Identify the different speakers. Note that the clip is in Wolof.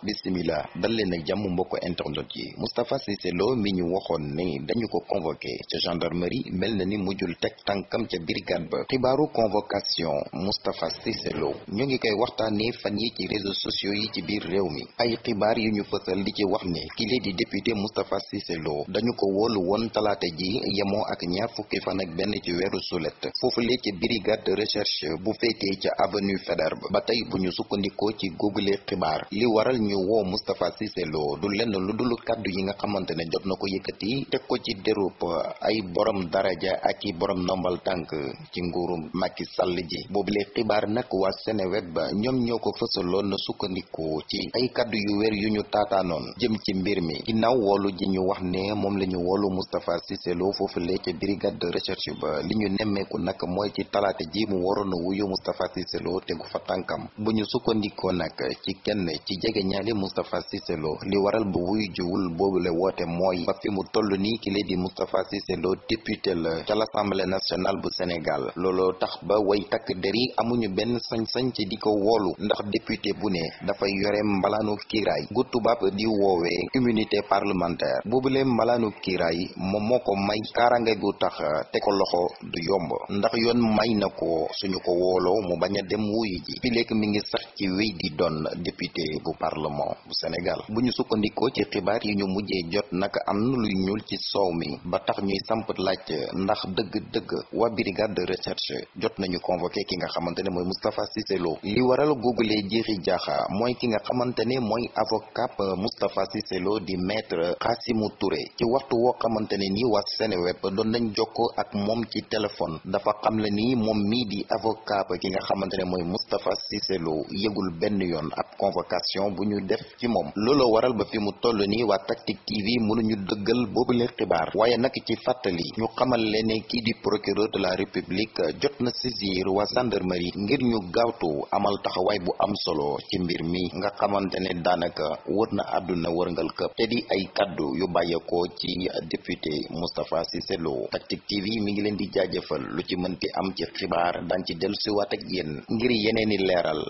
Speaker 1: bisimila dal leen ak jàmm mbokk internet yi Moustapha Cissé Lo mi ñu waxoon ni dañu ko convoqué ca gendarmerie mel na ni mujjul teg tànkam ca brigade ba xibaaru convocation Moustapha Cissé Lo ñu ngi koy waxtaanee fan yi ci réseaux sociaux yi ci biir réew mi ay xibaar yu ñu fësal di ci wax ni kile di député Moustapha Cissé Lo dañu ko woolu woon talaata ji yemoo ak ñaar fukki fan ak benn ci weeru sulet foofule ci brigade de recherche bu féetee ca avenue Faidherbe ba tey bu ñu sukkandikoo ci google xibaar ñu woo Moustapha Cissé Lo du lenn lu dul kàddu yi nga xamante ne jot na ko yëkkati teg ko ci dérob ay borom daraja ak i borom ndombal tànk ci nguuru Macky Sall ji boobule xibaar nag waa Seneweb ba ñoom ñoo ko fësaloon sukkandiku ci ay kàddu yu wér yu ñu taataanoon jëm ci mbir mi ginnaaw woolu ji ñu wax ne moom la ñu woolu Moustapha Cissé foofu la ca brigade de recherche ba li ñu nemmeeku nag mooy ci talaata ji mu waroon a wuyu Moustapha Cissé Lo tegu signalé Moustapha Cissé Lo li waral bu wuy jiwul boobule woote mooy ba fi mu toll nii kile di Moustapha Cissé Lo député la ca l'Assemblée nationale bu Sénégal looloo tax ba way takk der yi amuñu benn sañ-sañ ci di ko woolu ndax député bu ne dafa yore mbalaanu kiiraay gu tubaab di woowee immunité parlementaire boobule mbalaanu kiiraay moom moo ko may kaarange gu tax te ko loxo du yomb ndax yoon may na ko suñu ko wooloo mu bañ a dem wuyu fileek mi ngi sax ci wéy di doon député bu gouvernement bu Sénégal bu ñu sukkandikoo ci xibaar yi ñu mujjee jot naka am lu luy ñuul ci soow mi ba tax ñuy samp laaj ndax dëgg-dëgg waa brigade de recherche jot nañu convoqué ki nga xamante ne mooy Moustapha Cissé Lo li waral googulee jiixi jaaxa mooy ki nga xamante ne mooy avocat Moustapha Cissé Lo di maître Khassimou Touré ci waxtu woo xamante ne nii waa Seneweb doon nañ jokkoo ak moom ci téléphone dafa xam le ni moom mii di avocat ki nga xamante ne mooy Moustapha Cissé Lo benn yoon ab convocation bu ñu def ci moom looloo waral ba fi mu toll nii waa Tactic TV mënuñu dëggal boobule xibaar waaye nag ci fàttali ñu xamal leen ne kii di procureur de la république jot na saisir waa gendarmerie ngir ñu gaawtu amal taxawaay bu am solo ci mbir mi nga xamante ne daanaka wër na àdduna wërngal këpp te di ay kàddu yu ko ci député Moustapha Cissé Lo Tactic TV mi ngi leen di jaajëfal lu ci mën mënti am ci xibaar daan ci dellusiwaat ak yéen ngir yeneeni leeral